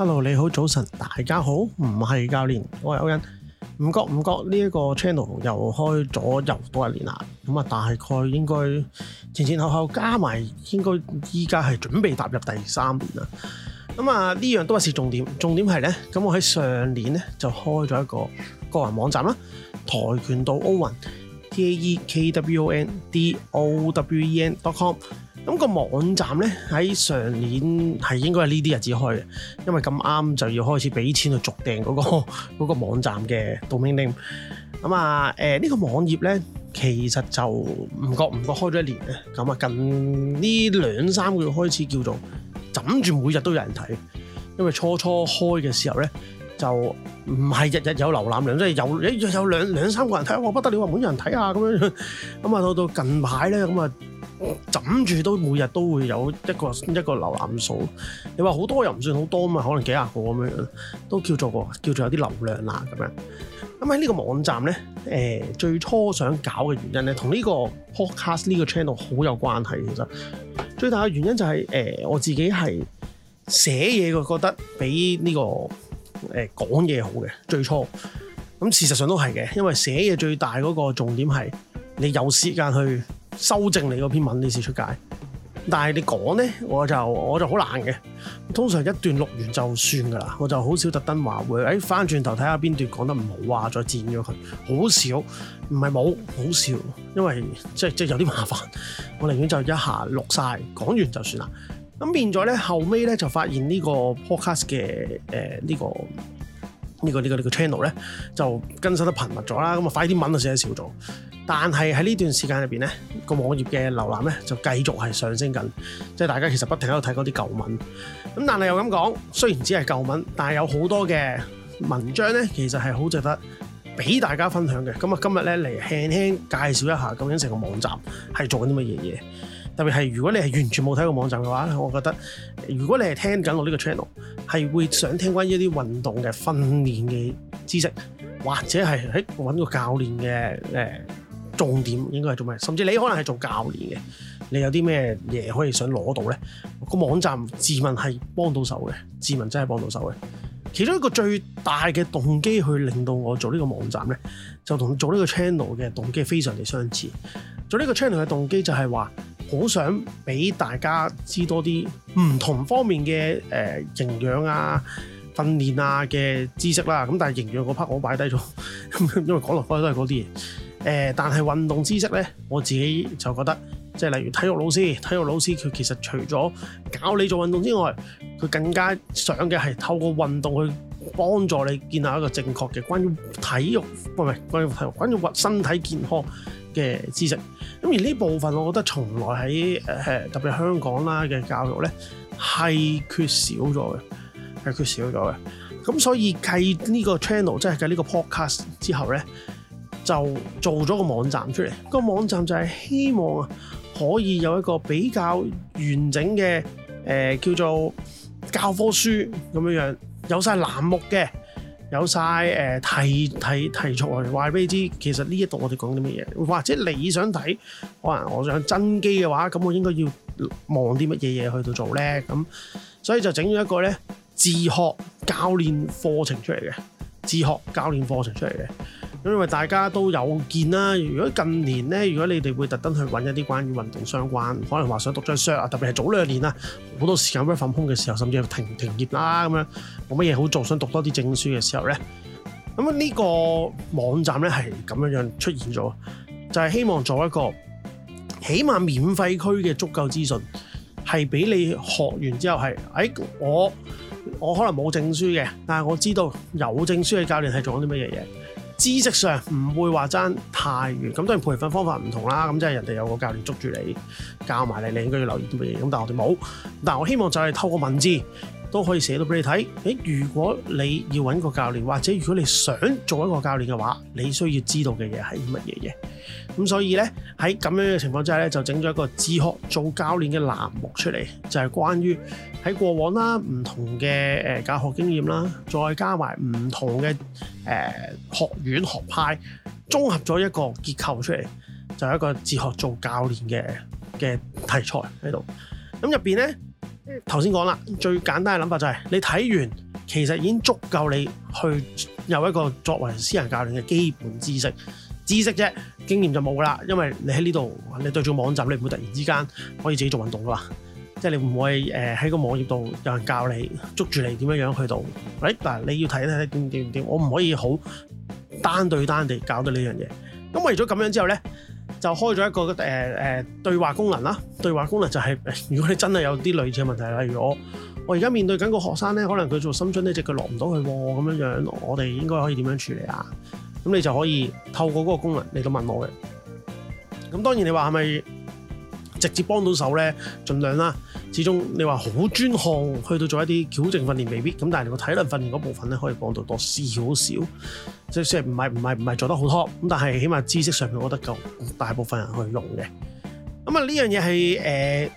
Hello，你好，早晨，大家好，唔係教練，我係歐恩，唔覺唔覺呢一個 channel 又開咗又多一年啦，咁啊大概應該前前後後加埋，應該依家係準備踏入第三年啦，咁啊呢樣都係是重點，重點係呢。咁我喺上年呢就開咗一個個人網站啦，跆拳道歐恩，T A E K W O N D O W E N dot com。咁個網站咧，喺上年係應該係呢啲日子開嘅，因為咁啱就要開始俾錢去續訂嗰、嗰個嗰、嗰個、網站嘅 domain，咁啊誒呢、呃呢個網頁咧其實就唔覺唔覺開咗一年啦。咁啊近呢兩三個月開始叫做枕住每日都有人睇，因為初初開嘅時候咧就唔係日日有瀏覽量，即、就、係、是、有有一有兩兩三個人睇，我不得了，話冇人睇啊咁樣。咁啊到到近排咧咁啊～枕住都每日都會有一個一個瀏覽數，你話好多又唔算好多啊嘛，可能幾廿個咁樣，都叫做叫做有啲流量啦咁樣。咁喺呢個網站咧，誒、呃、最初想搞嘅原因咧，同呢個 podcast 呢個 channel 好有關係。其實最大嘅原因就係、是、誒、呃、我自己係寫嘢嘅，覺得比呢、這個誒講嘢好嘅。最初咁、嗯、事實上都係嘅，因為寫嘢最大嗰個重點係你有時間去。修正你嗰篇文呢次出街，但係你講呢，我就我就好難嘅。通常一段錄完就算噶啦，我就好少特登話會，誒翻轉頭睇下邊段講得唔好啊，再剪咗佢，好少，唔係冇，好少，因為即係即係有啲麻煩。我寧願就一下錄晒，講完就算啦。咁變咗呢，後尾呢，就發現呢個 podcast 嘅誒呢、呃呢個。這個這個這個、呢個呢個呢個 channel 咧就更新得頻密咗啦，咁啊快啲文啊寫得少咗，但係喺呢段時間入邊咧個網頁嘅瀏覽咧就繼續係上升緊，即係大家其實不停喺度睇嗰啲舊文，咁但係又咁講，雖然只係舊文，但係有好多嘅文章咧其實係好值得俾大家分享嘅，咁啊今日咧嚟輕輕介紹一下究竟成個網站係做緊啲乜嘢嘢。特別係如果你係完全冇睇過網站嘅話，我覺得如果你係聽緊我呢個 channel，係會想聽關於一啲運動嘅訓練嘅知識，或者係喺揾個教練嘅誒、呃、重點應該係做咩？甚至你可能係做教練嘅，你有啲咩嘢可以想攞到呢？個網站自問係幫到手嘅，自問真係幫到手嘅。其中一個最大嘅動機去令到我做呢個網站呢，就同做呢個 channel 嘅動機非常之相似。做呢個 channel 嘅動機就係話。好想俾大家知多啲唔同方面嘅誒、呃、營養啊、訓練啊嘅知識啦，咁但係營養嗰 part 我擺低咗， 因為講落去都係嗰啲嘢。誒、呃，但係運動知識呢，我自己就覺得，即係例如體育老師，體育老師佢其實除咗教你做運動之外，佢更加想嘅係透過運動去幫助你建立一個正確嘅關於體育，唔係唔係關於體育，關於身體健康嘅知識。咁而呢部分，我覺得從來喺誒、呃、特別香港啦嘅教育咧係缺少咗嘅，係缺少咗嘅。咁所以繼呢個 channel 即係繼呢個 podcast 之後咧，就做咗個網站出嚟。這個網站就係希望啊可以有一個比較完整嘅誒、呃、叫做教科書咁樣樣有晒欄目嘅。有晒誒、呃、提提提促我哋話俾你知，其實呢一度我哋講緊乜嘢，或者你想睇，可能我想增肌嘅話，咁我應該要望啲乜嘢嘢去到做咧？咁所以就整咗一個咧自學教練課程出嚟嘅，自學教練課程出嚟嘅。自學教練課程出因為大家都有見啦。如果近年咧，如果你哋會特登去揾一啲關於運動相關，可能話想讀張 cert 啊，特別係早兩年啦，好多時間 work from home 嘅時候，甚至係停停業啦咁樣，冇乜嘢好做，想讀多啲證書嘅時候咧，咁呢個網站咧係咁樣樣出現咗，就係，是，希望做一個起碼免費區嘅足夠資訊，係俾你學完之後係喺，哎，我我可能冇證書嘅，但係我知道有證書嘅教練係做緊啲乜嘢嘢。知識上唔會話爭太遠，咁當然培訓方法唔同啦，咁即係人哋有個教練捉住你教埋你，你應該要留意啲乜嘢，咁但係我哋冇，但係我，我希望就係透過文字。都可以寫到俾你睇。誒，如果你要揾個教練，或者如果你想做一個教練嘅話，你需要知道嘅嘢係乜嘢嘢？咁所以呢，喺咁樣嘅情況之下呢就整咗一個自學做教練嘅欄目出嚟，就係、是、關於喺過往啦，唔同嘅誒、呃、教學經驗啦，再加埋唔同嘅誒、呃、學院學派，綜合咗一個結構出嚟，就係、一個自學做教練嘅嘅題材喺度。咁入邊呢。頭先講啦，最簡單嘅諗法就係、是、你睇完，其實已經足夠你去有一個作為私人教練嘅基本知識，知識啫，經驗就冇啦，因為你喺呢度，你對住網站，你唔會突然之間可以自己做運動噶嘛，即係你唔會誒喺個網頁度有人教你捉住你點樣樣去到，誒、right? 嗱你要睇睇點點點，我唔可以好單對單地搞到呢樣嘢，咁、嗯、為咗咁樣之後呢。就開咗一個誒誒、呃呃、對話功能啦，對話功能就係、是、如果你真係有啲類似嘅問題，例如我我而家面對緊個學生咧，可能佢做伸張呢隻腳落唔到去咁樣、哦、樣，我哋應該可以點樣處理啊？咁你就可以透過嗰個功能嚟到問我嘅。咁當然你話係咪直接幫到手咧？盡量啦。始終你話好專項，去到做一啲矯正訓練未必，咁但係你個體能訓練嗰部分咧，可以講到多少少，即係唔係唔係唔係做得好 top，咁但係起碼知識上面我覺得夠大部分人去用嘅。咁啊呢樣嘢係誒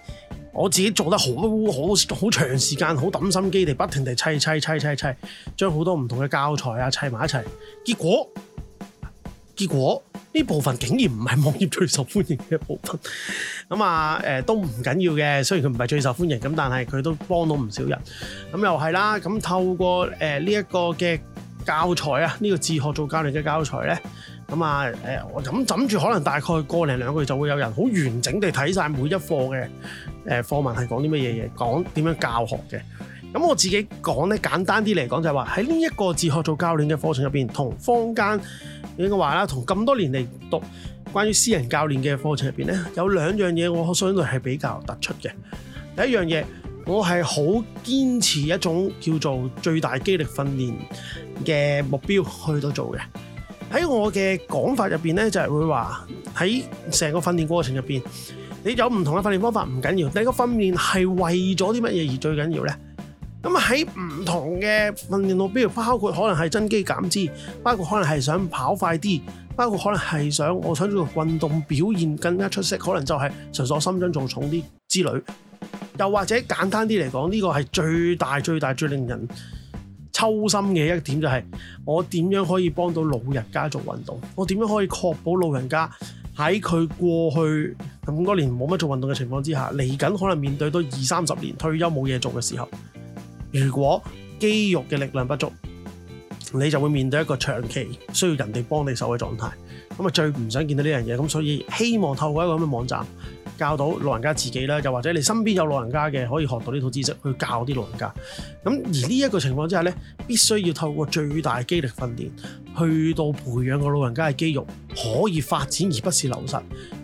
我自己做得好好好長時間，好揼心機地不停地砌砌砌砌砌，砌，將好多唔同嘅教材啊砌埋一齊，結果。結果呢部分竟然唔係網頁最受歡迎嘅部分，咁啊誒都唔緊要嘅，雖然佢唔係最受歡迎，咁但係佢都幫到唔少人，咁、嗯、又係啦，咁、嗯、透過誒呢一個嘅教材啊，呢、呢個自學做教練嘅教材咧，咁啊誒，我諗諗住可能大概個零兩個月就會有人好完整地睇晒每一課嘅誒課文係講啲乜嘢嘢，講點樣教學嘅。咁我自己講咧，簡單啲嚟講，就係話喺呢一個自學做教練嘅課程入邊，同坊間應該話啦，同咁多年嚟讀關於私人教練嘅課程入邊呢，有兩樣嘢我相對係比較突出嘅。第一樣嘢，我係好堅持一種叫做最大肌力訓練嘅目標去到做嘅。喺我嘅講法入邊呢，就係會話喺成個訓練過程入邊，你有唔同嘅訓練方法唔緊要，你個訓練係為咗啲乜嘢而最緊要呢？咁喺唔同嘅訓練度，比如包括可能係增肌減脂，包括可能係想跑快啲，包括可能係想我想做運動表現更加出色，可能就係純粹心臟做重啲之類。又或者簡單啲嚟講，呢個係最大最大最令人抽心嘅一點就係我點樣可以幫到老人家做運動？我點樣可以確保老人家喺佢過去咁多年冇乜做運動嘅情況之下，嚟緊可能面對到二三十年退休冇嘢做嘅時候？如果肌肉嘅力量不足，你就會面對一個長期需要人哋幫你手嘅狀態，咁啊，最唔想見到呢樣嘢。咁所以希望透過一個咁嘅網站教到老人家自己啦，又或者你身邊有老人家嘅可以學到呢套知識去教啲老人家。咁而呢一個情況之下咧，必須要透過最大嘅肌力訓練去到培養個老人家嘅肌肉可以發展，而不是流失，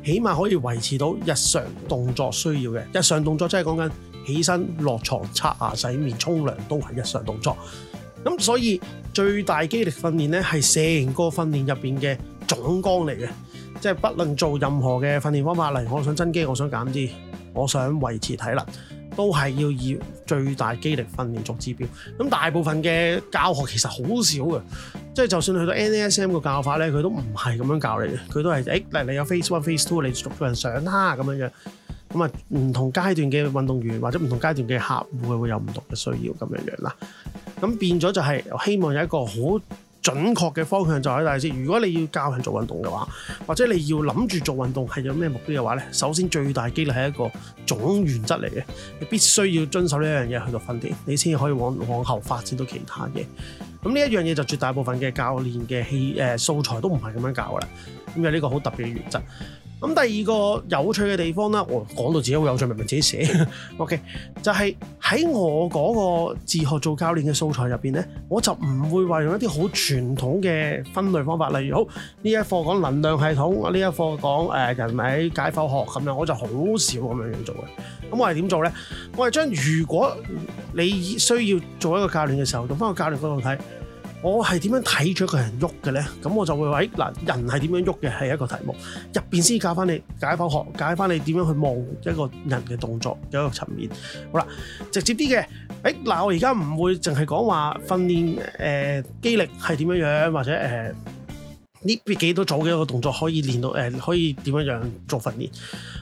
起碼可以維持到日常動作需要嘅。日常動作即係講緊。起身、落床、刷牙、洗面、沖涼都係日常動作。咁所以最大肌力訓練呢，係成個訓練入邊嘅總綱嚟嘅，即係不論做任何嘅訓練方法嚟，我想增肌、我想減脂、我想維持體能，都係要以最大肌力訓練作指標。咁大部分嘅教學其實好少嘅，即係就算去到 NASM 嘅教法呢，佢都唔係咁樣教你嘅，佢都係誒，嗱、欸、你有 Phase One、Phase Two，你逐個人上啦咁樣樣。咁啊，唔同階段嘅運動員或者唔同階段嘅客戶嘅會有唔同嘅需要咁樣樣啦。咁變咗就係、是、希望有一個好準確嘅方向就喺度。如果你要教人做運動嘅話，或者你要諗住做運動係有咩目標嘅話咧，首先最大機率係一個總原則嚟嘅，你必須要遵守呢一樣嘢去到訓練，你先可以往往後發展到其他嘢。咁呢一樣嘢就絕大部分嘅教練嘅器誒素材都唔係咁樣教噶啦。咁有呢個好特別嘅原則。咁第二個有趣嘅地方咧，我、哦、講到自己好有趣，明明自己寫。 OK，就係喺我嗰個自學做教練嘅素材入邊咧，我就唔會話用一啲好傳統嘅分類方法，例如好呢一課講能量系統，呢一課講誒、呃、人體解剖學咁樣，我就好少咁樣樣做嘅。咁我係點做咧？我係將如果你需要做一個教練嘅時候，讀翻個教練角度睇。我係點樣睇咗一個人喐嘅咧？咁我就會話，哎，嗱，人係點樣喐嘅係一個題目，入邊先教翻你解剖學，解翻你點樣去望一個人嘅動作嘅一個層面。好啦，直接啲嘅，哎、欸，嗱，我而家唔會淨係講話訓練誒、呃、肌力係點樣樣，或者誒。呃呢邊幾多組嘅一個動作可以練到？誒可以點樣樣做訓練？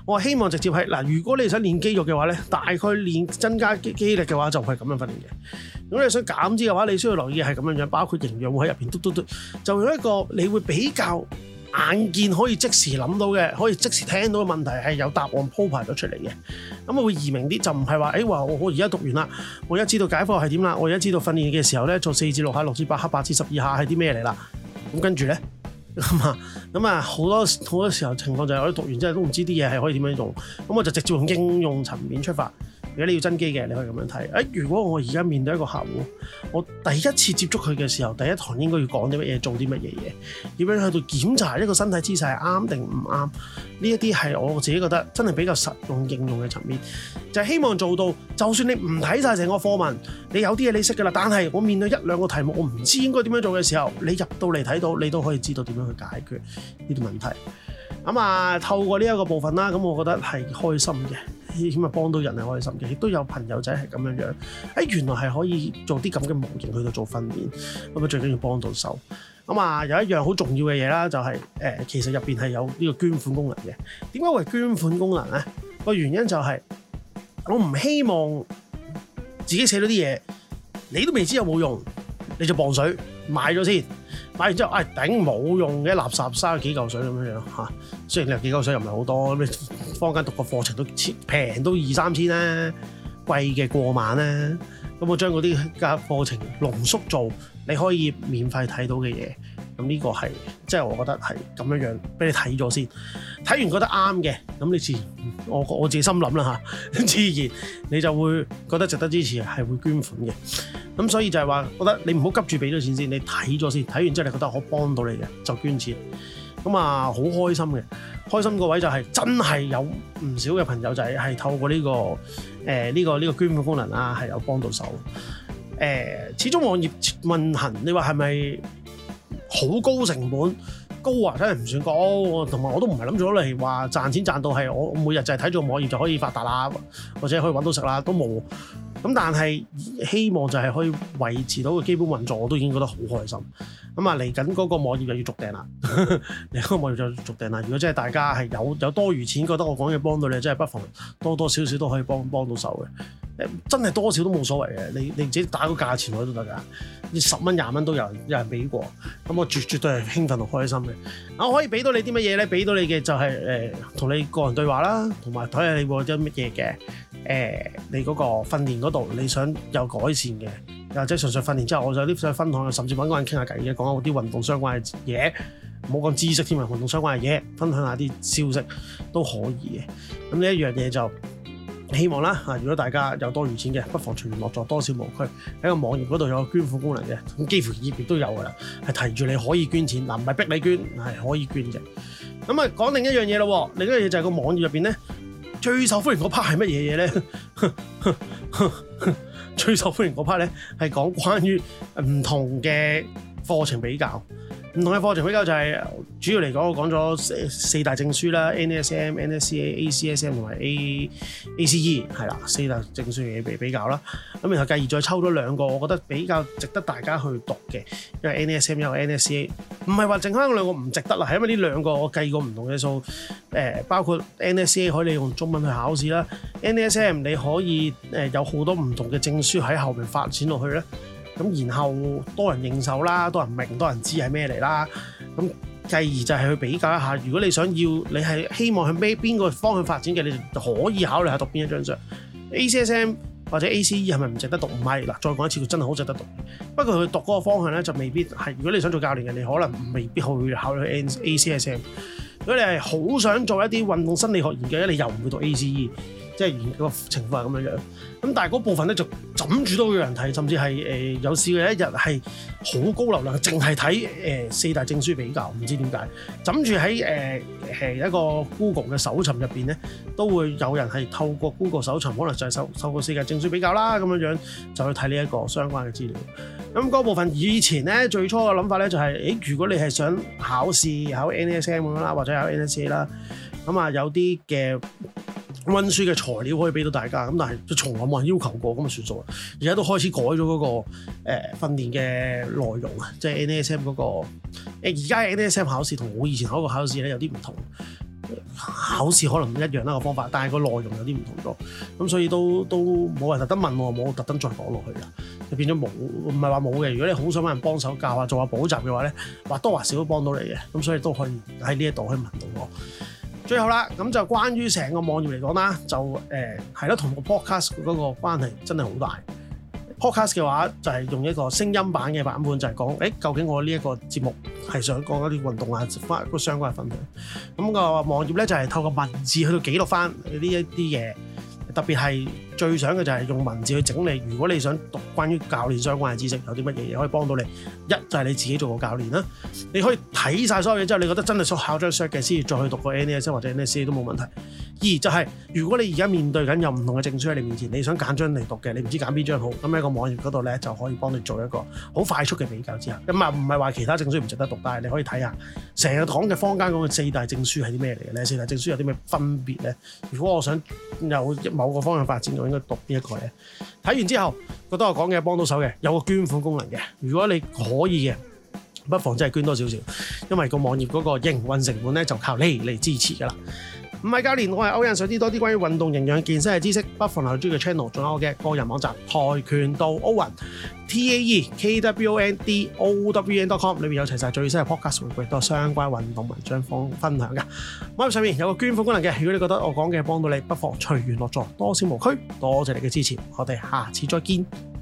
我希望直接係嗱，如果你想練肌肉嘅話咧，大概練增加肌力嘅話就係咁樣訓練嘅。如果你想減脂嘅話，你需要留意係咁樣樣，包括營養會喺入邊。嘟嘟嘟，就有一個你會比較眼見可以即時諗到嘅，可以即時聽到嘅問題係有答案鋪排咗出嚟嘅。咁會易明啲，就唔係話誒話我而家讀完啦，我而家知道解剖係點啦，我而家知道訓練嘅時候咧做四至六下、六至八下、八至十二下係啲咩嚟啦？咁跟住咧。咁啊，好多、嗯嗯、好多時候情況就係我讀完之後都唔知啲嘢係可以點樣用，咁、嗯、我就直接用應用層面出發。如果你要增肌嘅，你可以咁樣睇。誒、欸，如果我而家面對一個客戶，我第一次接觸佢嘅時候，第一堂應該要講啲乜嘢，做啲乜嘢嘢，點樣去到檢查一個身體姿勢啱定唔啱？呢一啲係我自己覺得真係比較實用應用嘅層面，就係、是、希望做到，就算你唔睇晒成個課文，你有啲嘢你識㗎啦。但係我面對一兩個題目，我唔知應該點樣做嘅時候，你入到嚟睇到，你都可以知道點樣去解決呢啲問題。咁啊，透過呢一個部分啦，咁我覺得係開心嘅。起碼幫到人係開心嘅，亦都有朋友仔係咁樣樣，誒，原來係可以做啲咁嘅模型去到做訓練，咁啊最緊要幫到手。咁啊有一樣好重要嘅嘢啦，就係、是、誒、呃、其實入邊係有呢個捐款功能嘅。點解會捐款功能咧？個原因就係、是、我唔希望自己寫到啲嘢，你都未知有冇用，你就磅水買咗先。買完之後，哎頂冇用嘅垃圾，嘥咗幾嚿水咁樣樣吓。雖然你幾嚿水又唔係好多，咁坊間讀個課程都千平都二三千啦，啊，貴嘅過萬啦，啊。咁我將嗰啲課課程濃縮做，你可以免費睇到嘅嘢。咁呢個係即係我覺得係咁樣樣，俾你睇咗先。睇完覺得啱嘅，咁你自然我我自己心諗啦嚇，自然你就會覺得值得支持，係會捐款嘅。咁所以就係話，覺得你唔好急住俾咗錢先，你睇咗先，睇完之後你覺得可幫到你嘅，就捐錢。咁啊，好、嗯、開心嘅，開心個位就係真係有唔少嘅朋友仔就係係透過呢、這個誒呢、呃這個呢、這個捐款功能啊，係有幫到手。誒、呃，始終網頁運行，你話係咪好高成本？高啊，真係唔算高。同埋我都唔係諗咗你話賺錢賺到係我每日就係睇住個網頁就可以發達啦，或者可以搵到食啦，都冇。咁、嗯、但係希望就係可以維持到個基本運作，我都已經覺得好開心。咁、嗯、啊，嚟緊嗰個網頁就要續訂啦，嚟 個網頁就續訂啦。如果真係大家係有有多餘錢，覺得我講嘢幫到你，真係不妨多多少少都可以幫幫到手嘅、嗯。真係多少都冇所謂嘅，你你自己打個價錢來都得噶，十蚊廿蚊都有，有人俾過。咁、嗯、我絕絕對係興奮同開心嘅、嗯。我可以俾到你啲乜嘢咧？俾到你嘅就係誒，同你個人對話啦，同埋睇下你有啲乜嘢嘅。誒、呃，你嗰個訓練嗰度你想有改善嘅，又或者純粹訓練之後，我就想啲想分享，甚至揾個人傾下偈嘅，講下啲運動相關嘅嘢，冇講知識添啊，運動相關嘅嘢，分享下啲消息都可以嘅。咁呢一樣嘢就希望啦，啊，如果大家有多餘錢嘅，不妨隨緣樂助多少無拘，喺個網頁嗰度有個捐款功能嘅，咁幾乎頁頁都有㗎啦，係提住你可以捐錢，嗱唔係逼你捐，係可以捐嘅。咁啊，講另一樣嘢咯喎，另一樣嘢就係個網頁入邊咧。最受歡迎嗰 part 係乜嘢呢？ 最受歡迎嗰 part 咧，係講關於唔同嘅課程比較。唔同嘅課程比較就係、是、主要嚟講，我講咗四大證書啦，N S M、N S C A、A C S M 同埋 A A C E，係啦，四大證書嘅比比較啦。咁然後繼而再抽咗兩個，我覺得比較值得大家去讀嘅，因為 N S M 有 N S C A，唔係話淨翻兩個唔值得啦，係因為呢兩個我計過唔同嘅數，誒、呃、包括 N S A 可以用中文去考試啦，N S M 你可以誒有好多唔同嘅證書喺後面發展落去咧。咁然後多人認受啦，多人明，多人知係咩嚟啦。咁繼而就係去比較一下，如果你想要，你係希望向咩邊個方向發展嘅，你就可以考慮下讀邊一張相。A C S M 或者 A C E 係咪唔值得讀？唔係，嗱，再講一次，佢真係好值得讀。不過佢讀嗰個方向咧就未必係。如果你想做教練嘅，你可能未必去考慮 A C S M。如果你係好想做一啲運動生理學研究咧，你又唔會讀 A C E。即係個情況係咁樣樣，咁但係嗰部分咧就枕住都有人睇，甚至係誒有時嘅一日係好高流量，淨係睇誒四大證書比較，唔知點解枕住喺誒係一個 Google 嘅搜尋入邊咧，都會有人係透過 Google 搜尋，可能就搜搜過四大證書比較啦，咁樣樣就去睇呢一個相關嘅資料。咁嗰部分以前咧最初嘅諗法咧就係誒，如果你係想考試考 NSM 咁樣啦，或者考 NSA 啦，咁啊有啲嘅。溫書嘅材料可以俾到大家，咁但係就從來冇人要求過，咁啊算數啦。而家都開始改咗嗰、那個誒、呃、訓練嘅內容啊，即、就、係、是、NSM 嗰、那個。誒而家嘅 NSM 考試同我以前考過考試咧有啲唔同，考試可能唔一樣啦個方法，但係個內容有啲唔同咗。咁所以都都冇人特登問我，冇特登再講落去㗎，就變咗冇，唔係話冇嘅。如果你好想搵人幫手教啊，做下補習嘅話咧，或多或少都幫到你嘅。咁所以都可以喺呢一度可以問到我。最後啦，咁就關於成個網頁嚟講啦，就誒係咯，同、呃、個 podcast 嗰個關係真係好大。podcast 嘅話就係、是、用一個聲音版嘅版本，就係、是、講誒、欸、究竟我呢一個節目係想講一啲運動啊，翻個相關嘅分享。咁、那個網頁咧就係、是、透過文字去到記錄翻呢一啲嘢。特別係最想嘅就係用文字去整理。如果你想讀關於教練相關嘅知識，有啲乜嘢嘢可以幫到你？一就係、是、你自己做過教練啦，你可以睇晒所有嘢之後，你覺得真係想考張 shot 嘅，先至再去讀個 NS 或者 NSC 都冇問題。二就係、是、如果你而家面對緊有唔同嘅證書喺你面前，你想揀張嚟讀嘅，你唔知揀邊張好，咁喺個網頁嗰度咧就可以幫你做一個好快速嘅比較之下。咁啊，唔係話其他證書唔值得讀，但係你可以睇下成個堂嘅坊間講嘅四大證書係啲咩嚟嘅咧？四大證書有啲咩分別咧？如果我想有某我個方向發展，我應該讀邊一個咧？睇完之後覺得我講嘢幫到手嘅，有個捐款功能嘅。如果你可以嘅，不妨真係捐多少少，因為個網頁嗰個營運成本咧就靠你嚟支持噶啦。唔係教練，我係歐仁，想知多啲關於運動營養健身嘅知識，不妨留意住我嘅 channel，仲有我嘅個人網站跆拳道歐仁 T A E K W O N D O W E N dot com，裏面有齊晒最新嘅 podcast 回顧多相關運動文章方分享嘅。網站上面有個捐款功能嘅，如果你覺得我講嘅幫到你，不妨隨緣樂助，多少唔拘，多謝你嘅支持，我哋下次再見。